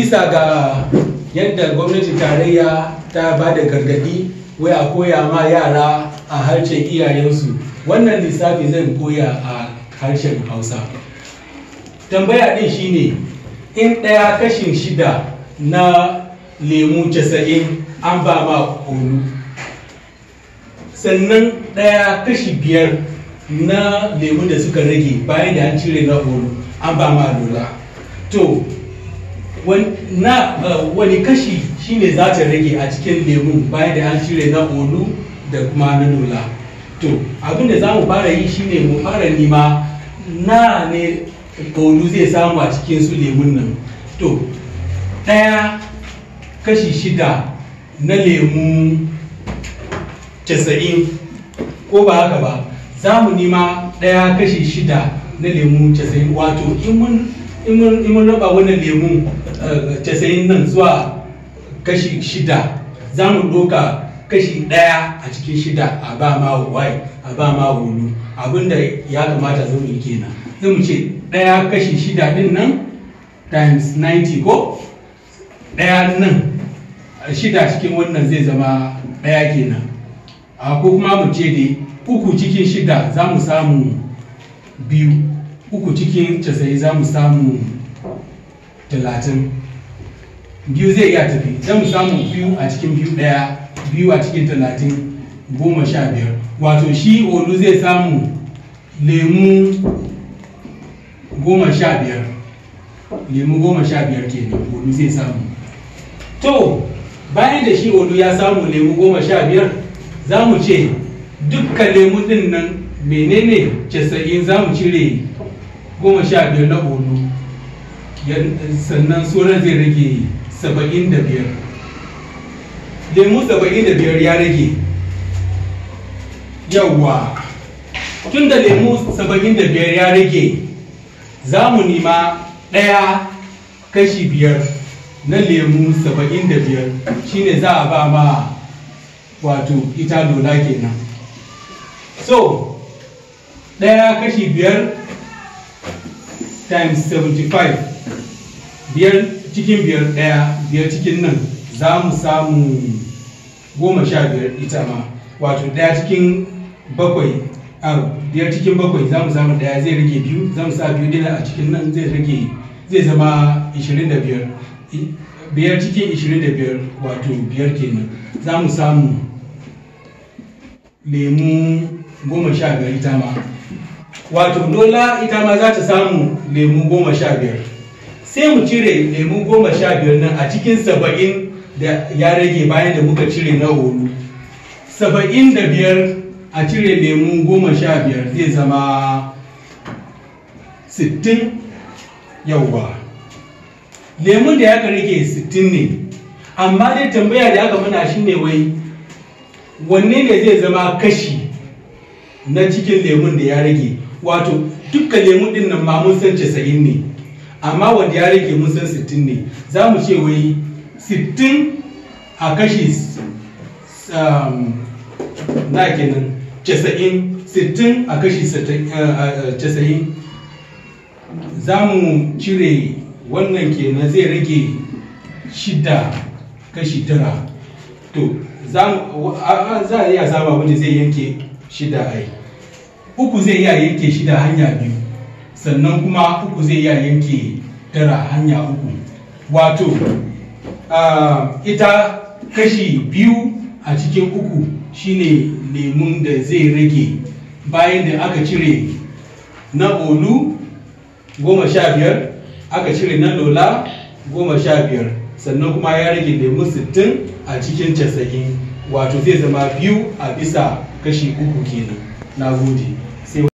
bisa ga yadda gwamnatin tarayya ta ba da gargadi wai a koya ma yara a harshen iyayensu wannan lissafi zan koya a harshen hausa tambaya ɗin shine in ɗaya kashin shida na lemu casa'in an ba ma kolu sannan ɗaya kashi biyar na lemu da suka rage bayan da an cire na kolu an ba ma lola to Uh, wani kashi shine za ta rage a cikin lemun bayan da an shirya na olu da kuma na dola to abin da za mu fara yi shine mu fara nima na ne olu zai samu a cikin su lemun nan to ɗaya kashi shida na lemu casa'in ko ba haka ba za mu nima ɗaya kashi shida na lemu casa'in wato in mun in mun raba wannan lemu eh, casa'in nan zuwa kashi shida za mu doka kashi ɗaya a cikin shida a ba ma wai a ba ma wulu abinda ya kamata zo mu kenan zai mu ce ɗaya kashi shida din nan times 90 ko ɗaya nan eh, shida cikin wannan zai zama ɗaya kenan a ah, ko kuma mu ce dai uku cikin shida za mu samu biyu uku cikin casa'i za mu samu talatin biyu zai iya tafi za mu samu biyu a cikin biyu ɗaya biyu a cikin talatin goma sha biyar wato shi olu zai samu lemu goma sha biyar lemu goma sha biyar kenan olu zai samu to bayan da shi olu ya samu lemu goma sha biyar za mu ce dukkan lemu ɗin nan menene casa'in za mu cire goma sha biyar na olu sannan sauran zai rage saba'in da biyar lemu saba'in da biyar ya rage yawwa tun da lemu saba'in da biyar ya rage za mu nima ɗaya kashi biyar na lemu saba'in da biyar shine za a ba ma wato ita lola kenan so ɗaya kashi biyar times 75 biyar cikin biyar daya biyar cikin nan za mu samu goma sha biyar ita ma wato daya cikin bakwai a ah, biyar cikin bakwai za mu samu daya zai rage biyu za mu sa biyu dila a cikin nan zai rage zai zama 25 biyar cikin 25 wato biyar kenan za mu samu lemu goma sha biyar ita ma wato dola ita ma za ta samu lemu goma sha biyar sai mu cire lemu goma sha biyar nan a cikin saba'in da ya rage bayan da muka cire na olu saba'in da biyar a cire lemu goma sha biyar zai zama sittin yauwa lemun da ya rage sittin ne amma dai tambaya da aka muna shine wai wanne ne zai zama kashi na cikin lemun da ya rage wato duka lemun din nan ma mun san 90 ne amma wanda ya rage mun san 60 ne za mu ce wai 60 a kashi um, na kenan 90 60 a kashi 90 eh, eh, za mu cire wannan kenan zai rage shida kashi tara to za a iya zama wanda zai yanke shida ai uku zai iya yanke shida hanya biyu sannan kuma uku zai iya yanke tara hanya uku wato uh, ita kashi biyu a cikin uku shine lemun da zai rage bayan da aka cire na olu goma sha biyar aka cire na lola goma sha biyar sannan kuma ya rage lemun sittin a cikin casa'in wato zai zama biyu a bisa kashi uku kenan na gode